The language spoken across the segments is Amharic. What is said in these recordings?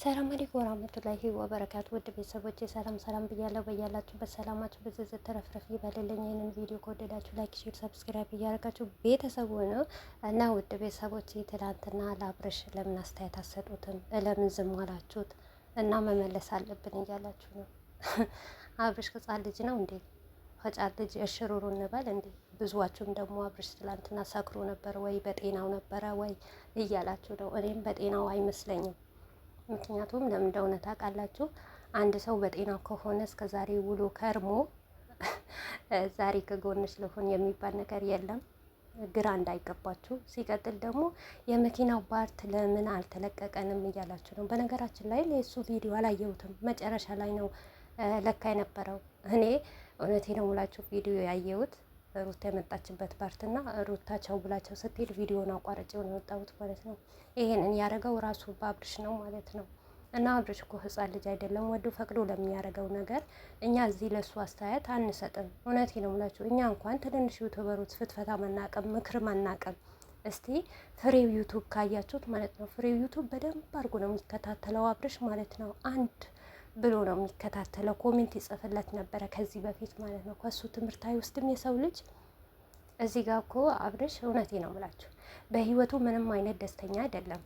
ሰላም አለይኩም ወራህመቱላሂ ወበረካቱ ውድ ቤተሰቦች ሰላም ሰላም ብያለሁ። በያላችሁ በሰላማችሁ ብዝዝት ተረፍረፍ ይበልልኝ። ይህንን ቪዲዮ ከወደዳችሁ ላይክ፣ ሼር፣ ሰብስክራይብ እያደረጋችሁ ቤተሰቡ ነው እና ውድ ቤተሰቦች ትላንትና ለአብርሽ ለምን አስተያየት አሰጡትም ለምን ዝም አላችሁት እና መመለስ አለብን እያላችሁ ነው። አብርሽ ህጻን ልጅ ነው እንዴ? ህጻን ልጅ እሽሩሩ እንበል እንዴ? ብዙዋችሁም ደግሞ አብርሽ ትላንትና ሰክሮ ነበር ወይ በጤናው ነበረ ወይ እያላችሁ ነው። እኔም በጤናው አይመስለኝም ምክንያቱም ለምን እንደሆነ ታውቃላችሁ? አንድ ሰው በጤናው ከሆነ እስከ ዛሬ ውሎ ከርሞ ዛሬ ከጎንሽ ልሁን የሚባል ነገር የለም። ግራ እንዳይገባችሁ። ሲቀጥል ደግሞ የመኪናው ባርት ለምን አልተለቀቀንም እያላችሁ ነው። በነገራችን ላይ የእሱ ቪዲዮ አላየሁትም፣ መጨረሻ ላይ ነው ለካ የነበረው። እኔ እውነቴ ነው ሙላችሁ ቪዲዮ ያየሁት ሩታ የመጣችበት ፓርትና ሩታ ቻው ብላቸው ስትሄድ ቪዲዮን አቋርጬው ነው የወጣሁት ማለት ነው። ይሄንን ያደረገው ራሱ በአብርሽ ነው ማለት ነው። እና አብርሽ እኮ ሕፃን ልጅ አይደለም። ወዶ ፈቅዶ ለሚያደርገው ነገር እኛ እዚህ ለሱ አስተያየት አንሰጥም። እውነቴ ነው የምላችሁ። እኛ እንኳን ትንንሽ ዩቱበሮች ፍትፈታ መናቀም ምክር መናቀም እስቲ ፍሬው ዩቱብ ካያችሁት ማለት ነው። ፍሬው ዩቱብ በደንብ አድርጎ ነው የሚከታተለው አብርሽ ማለት ነው። አንድ ብሎ ነው የሚከታተለው። ኮሜንት ይጽፍለት ነበረ ከዚህ በፊት ማለት ነው። ከሱ ትምህርታዊ ውስጥም የሰው ልጅ እዚህ ጋር እኮ አብርሽ እውነቴ ነው ብላችሁ በህይወቱ ምንም አይነት ደስተኛ አይደለም።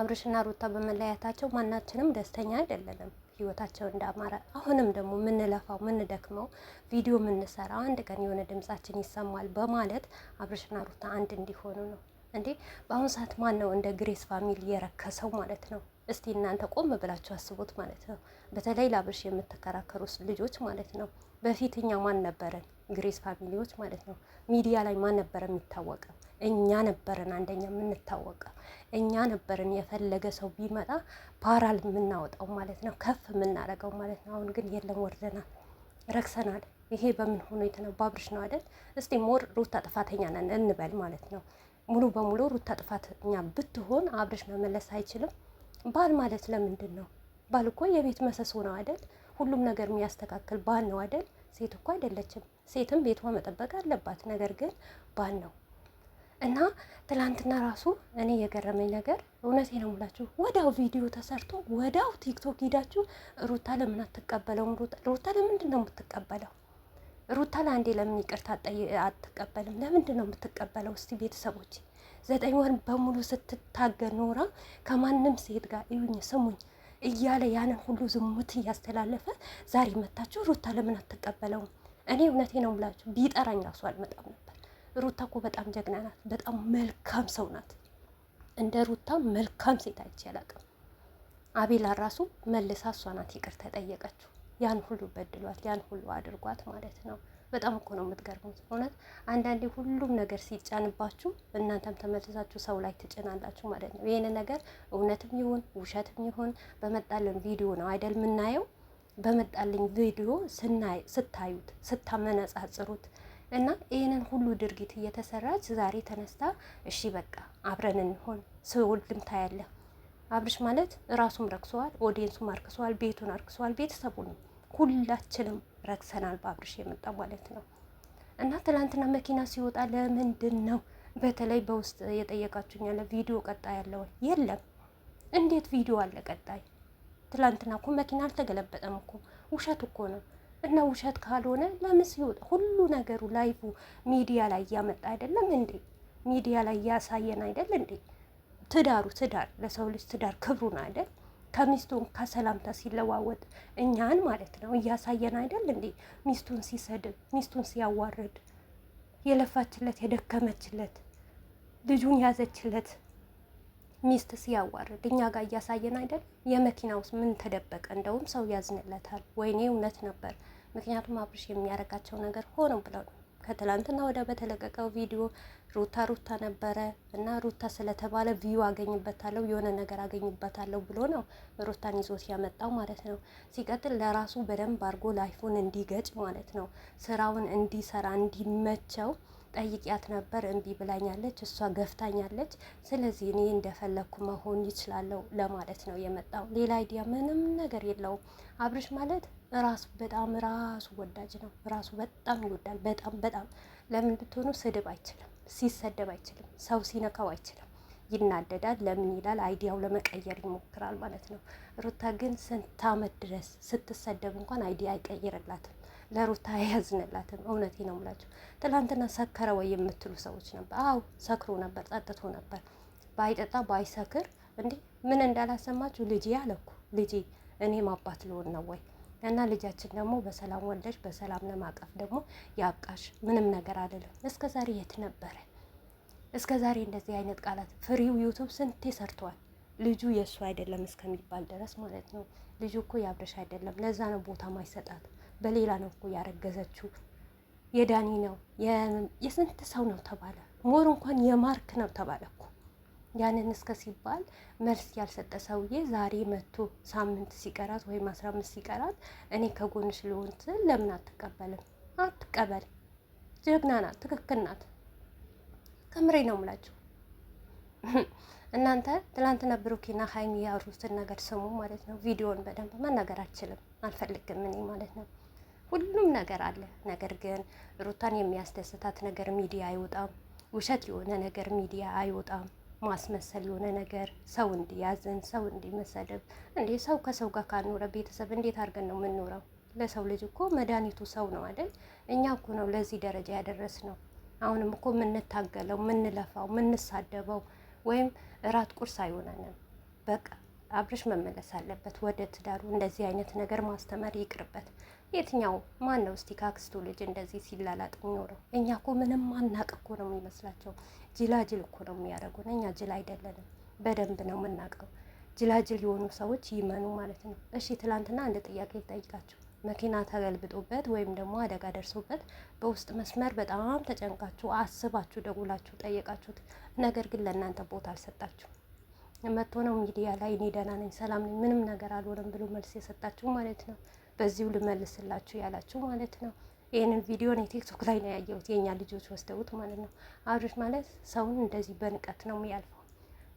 አብርሽና ሩታ በመለያታቸው ማናችንም ደስተኛ አይደለንም። ህይወታቸው እንዳማረ አሁንም ደግሞ ምንለፋው ምንደክመው ቪዲዮ ምንሰራ አንድ ቀን የሆነ ድምጻችን ይሰማል በማለት አብርሽና ሩታ አንድ እንዲሆኑ ነው እንዴ። በአሁኑ ሰዓት ማን ነው እንደ ግሬስ ፋሚሊ የረከሰው ማለት ነው? እስቲ እናንተ ቆም ብላችሁ አስቡት ማለት ነው። በተለይ ለአብርሽ የምትከራከሩ ልጆች ማለት ነው። በፊት እኛ ማን ነበረን? ግሬስ ፋሚሊዎች ማለት ነው። ሚዲያ ላይ ማን ነበረ የሚታወቀው? እኛ ነበረን አንደኛ የምንታወቀው እኛ ነበረን የፈለገ ሰው ቢመጣ ፓራል የምናወጣው ማለት ነው፣ ከፍ የምናደርገው ማለት ነው። አሁን ግን የለም፣ ወርደናል፣ ረክሰናል። ይሄ በምን ሆኖ ብርሽ ነው አይደል? እስቲ ሞር ሩታ ጥፋተኛ ነን እንበል ማለት ነው። ሙሉ በሙሉ ሩታ ጥፋተኛ ብትሆን አብርሽ መመለስ አይችልም። ባል ማለት ለምንድን ነው? ባል እኮ የቤት መሰሶ ነው አደል ሁሉም ነገር የሚያስተካክል ባል ነው አደል ሴት እኮ አይደለችም። ሴትም ቤቷ መጠበቅ አለባት። ነገር ግን ባል ነው እና ትላንትና ራሱ እኔ የገረመኝ ነገር እውነቴ ነው የምላችሁ፣ ወዳው ቪዲዮ ተሰርቶ ወዳው ቲክቶክ ሂዳችሁ ሩታ ለምን አትቀበለውም? ሩታ ለምንድን ነው የምትቀበለው? ሩታ ለአንዴ ለምን ይቅርታ አትቀበልም? ለምንድን ነው የምትቀበለው? እስቲ ቤተሰቦች ዘጠኝ ወር በሙሉ ስትታገል ኖራ ከማንም ሴት ጋር እዩኝ ስሙኝ እያለ ያንን ሁሉ ዝሙት እያስተላለፈ ዛሬ መታችሁ ሩታ ለምን አትቀበለውም? እኔ እውነቴ ነው የምላችሁ ቢጠራኝ ራሱ አልመጣም ነበር። ሩታ እኮ በጣም ጀግና ናት። በጣም መልካም ሰው ናት። እንደ ሩታ መልካም ሴት አይቼ አላቅም። አቤላ ራሱ መልሳ እሷ ናት ይቅርታ የጠየቀችው። ያን ሁሉ በድሏት፣ ያን ሁሉ አድርጓት ማለት ነው። በጣም እኮ ነው የምትገርሙት እውነት። አንዳንዴ ሁሉም ነገር ሲጫንባችሁ እናንተም ተመልሳችሁ ሰው ላይ ትጭናላችሁ ማለት ነው። ይህን ነገር እውነትም ይሁን ውሸትም ይሁን በመጣለን ቪዲዮ ነው አይደል የምናየው። በመጣልኝ ቪዲዮ ስታዩት ስታመነጻጽሩት እና ይህንን ሁሉ ድርጊት እየተሰራች ዛሬ ተነስታ እሺ በቃ አብረን እንሆን ስወልድም ታያለህ አብርሽ ማለት ራሱም ረክሰዋል፣ ኦዲየንሱም አርክሰዋል፣ ቤቱን አርክሰዋል፣ ቤተሰቡንም ሁላችንም ረክሰናል። በአብርሽ የመጣ ማለት ነው። እና ትላንትና መኪና ሲወጣ ለምንድን ነው በተለይ በውስጥ የጠየቃችሁኝ ያለ ቪዲዮ ቀጣይ ያለው የለም። እንዴት ቪዲዮ አለ ቀጣይ? ትላንትና እኮ መኪና አልተገለበጠም እኮ ውሸት እኮ ነው። እና ውሸት ካልሆነ ለምን ሲወጣ ሁሉ ነገሩ ላይቭ ሚዲያ ላይ እያመጣ አይደለም እንዴ? ሚዲያ ላይ እያሳየን አይደል እንዴ? ትዳሩ ትዳር ለሰው ልጅ ትዳር ክብሩን አይደል ከሚስቱን ከሰላምታ ሲለዋወጥ እኛን ማለት ነው እያሳየን አይደል እንዴ? ሚስቱን ሲሰድብ ሚስቱን ሲያዋርድ የለፋችለት የደከመችለት ልጁን ያዘችለት ሚስት ሲያዋርድ እኛ ጋር እያሳየን አይደል? የመኪና ውስጥ ምን ተደበቀ? እንደውም ሰው ያዝንለታል። ወይኔ እውነት ነበር። ምክንያቱም አብርሽ የሚያደርጋቸው ነገር ሆነው ብለው ከትላንትና ወደ በተለቀቀው ቪዲዮ ሩታ ሩታ ነበረ እና ሩታ ስለተባለ ቪዩ አገኝበታለሁ የሆነ ነገር አገኝበታለሁ ብሎ ነው ሩታን ይዞ ሲያመጣው ማለት ነው። ሲቀጥል ለራሱ በደንብ አድርጎ ላይፉን እንዲገጭ ማለት ነው፣ ስራውን እንዲሰራ እንዲመቸው ጠይቂያት ነበር። እምቢ ብላኛለች፣ እሷ ገፍታኛለች። ስለዚህ እኔ እንደፈለግኩ መሆን ይችላለሁ ለማለት ነው የመጣው። ሌላ አይዲያ ምንም ነገር የለውም። አብርሽ ማለት ራሱ በጣም ራሱ ወዳጅ ነው። ራሱ በጣም ይወዳል። በጣም በጣም ለምን ብትሆኑ ስድብ አይችልም፣ ሲሰደብ አይችልም፣ ሰው ሲነካው አይችልም። ይናደዳል። ለምን ይላል። አይዲያው ለመቀየር ይሞክራል ማለት ነው። ሩታ ግን ስንት አመት ድረስ ስትሰደብ እንኳን አይዲያ አይቀይርላትም። ለሩታ አያዝንላትም። እውነቴ ነው የምላችሁ። ትላንትና ሰከረ ወይ የምትሉ ሰዎች ነበር። አው ሰክሮ ነበር፣ ጠጥቶ ነበር። ባይጠጣ ባይሰክር እንዲህ ምን እንዳላሰማችሁ ልጄ አለኩ። ልጄ እኔም አባት ልሆን ነው ወይ እና ልጃችን ደግሞ በሰላም ወልደሽ በሰላም ለማቀፍ ደግሞ ያብቃሽ። ምንም ነገር አይደለም። እስከ ዛሬ የት ነበረ? እስከ ዛሬ እንደዚህ አይነት ቃላት ፍሪው ዩቱብ ስንቴ ሰርተዋል። ልጁ የእሱ አይደለም እስከሚባል ድረስ ማለት ነው። ልጁ እኮ ያብረሽ አይደለም። ለዛ ነው ቦታ ማይሰጣት። በሌላ ነው እኮ ያረገዘችው። የዳኒ ነው የስንት ሰው ነው ተባለ። ሞር እንኳን የማርክ ነው ተባለ እኮ ያንን እስከ ሲባል መልስ ያልሰጠ ሰውዬ ዛሬ መቶ ሳምንት ሲቀራት ወይም አስራ አምስት ሲቀራት እኔ ከጎን ስለሆን ስል ለምን አትቀበልም? አትቀበል። ጀግና ናት፣ ትክክል ናት። ከምሬ ነው የምላችሁ። እናንተ ትላንትና ብሩኬና ሀይሚ ያሩትን ነገር ስሙ ማለት ነው። ቪዲዮን በደንብ መናገር አልችልም፣ አልፈልግም እኔ ማለት ነው። ሁሉም ነገር አለ። ነገር ግን ሩታን የሚያስደስታት ነገር ሚዲያ አይወጣም። ውሸት የሆነ ነገር ሚዲያ አይወጣም። ማስመሰል የሆነ ነገር ሰው እንዲያዝን ሰው እንዲመሰደብ እንዴ ሰው ከሰው ጋር ካልኖረ ቤተሰብ እንዴት አድርገን ነው የምንኖረው? ለሰው ልጅ እኮ መድኃኒቱ ሰው ነው አይደል? እኛ እኮ ነው ለዚህ ደረጃ ያደረስ ነው። አሁንም እኮ የምንታገለው የምንለፋው የምንሳደበው ወይም እራት ቁርስ አይሆነንም። በቃ አብረሽ መመለስ አለበት ወደ ትዳሩ። እንደዚህ አይነት ነገር ማስተማር ይቅርበት። የትኛው ማን ነው እስቲ ካክስቱ ልጅ እንደዚህ ሲላላጥ የሚኖረው? እኛ እኮ ምንም አናቅ እኮ ነው የሚመስላቸው። ጅላጅል እኮ ነው የሚያደርጉን። እኛ ጅል አይደለንም፣ በደንብ ነው የምናውቀው። ጅላጅል የሆኑ ሰዎች ይመኑ ማለት ነው። እሺ ትላንትና አንድ ጥያቄ ልጠይቃችሁ። መኪና ተገልብጦበት ወይም ደግሞ አደጋ ደርሶበት በውስጥ መስመር በጣም ተጨንቃችሁ አስባችሁ ደውላችሁ ጠየቃችሁት፣ ነገር ግን ለእናንተ ቦታ አልሰጣችሁ መጥቶ ነው ሚዲያ ላይ እኔ ደህና ነኝ፣ ሰላም ነኝ፣ ምንም ነገር አልሆነም ብሎ መልስ የሰጣችሁ ማለት ነው። በዚሁ ልመልስላችሁ ያላችሁ ማለት ነው። ይህንን ቪዲዮ ነው ቲክቶክ ላይ ነው ያየሁት፣ የእኛ ልጆች ወስደውት ማለት ነው። አብርሽ ማለት ሰውን እንደዚህ በንቀት ነው የሚያልፈው፣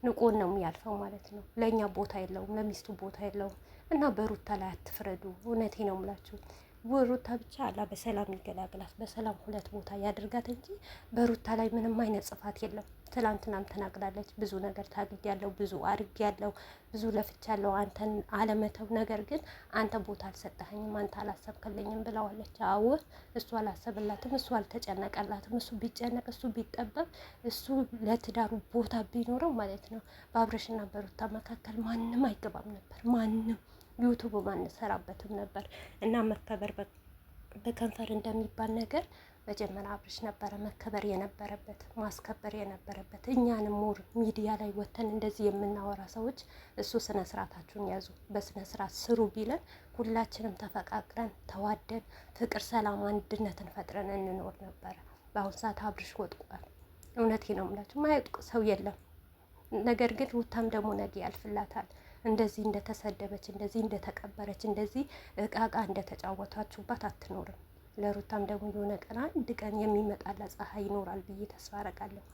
ንቆን ነው የሚያልፈው ማለት ነው። ለእኛ ቦታ የለውም፣ ለሚስቱ ቦታ የለውም። እና በሩታ ላይ አትፍረዱ። እውነቴ ነው የምላችሁ ሩታ ብቻ አላ በሰላም ይገላግላት፣ በሰላም ሁለት ቦታ ያደርጋት እንጂ በሩታ ላይ ምንም አይነት ጽፋት የለም። ትላንትናም ተናግዳለች። ብዙ ነገር ያለው ብዙ ያለው ብዙ ያለው አንተን አለመተው፣ ነገር ግን አንተ ቦታ አልሰጠኸኝም፣ አንተ አላሰብክልኝም ብለዋለች። አዎ እሱ አላሰብላትም፣ እሱ አልተጨነቀላትም። እሱ ቢጨነቅ፣ እሱ ቢጠበብ፣ እሱ ለትዳሩ ቦታ ቢኖረው ማለት ነው በአብረሽና በሩታ መካከል ማንም አይገባም ነበር ማንም ዩቱብ አንሰራበትም ነበር እና መከበር በከንፈር እንደሚባል ነገር መጀመሪያ አብርሽ ነበረ መከበር የነበረበት ማስከበር የነበረበት። እኛንም ሙር ሚዲያ ላይ ወተን እንደዚህ የምናወራ ሰዎች እሱ ስነ ስርዓታችሁን ያዙ፣ በስነ ስርዓት ስሩ ቢለን ሁላችንም ተፈቃቅረን ተዋደን ፍቅር፣ ሰላም፣ አንድነትን ፈጥረን እንኖር ነበረ። በአሁን ሰዓት አብርሽ ወጥቋል። እውነቴ ነው የምላችሁ፣ ማያውቅ ሰው የለም። ነገር ግን ውታም ደግሞ ነገ ያልፍላታል። እንደዚህ እንደተሰደበች፣ እንደዚህ እንደተቀበረች፣ እንደዚህ እቃ እንደተጫወታችሁባት አትኖርም። ለሩታም ደግሞ የሆነ ቀን አንድ ቀን የሚመጣላ ፀሐይ ይኖራል ብዬ ተስፋ አረጋለሁ።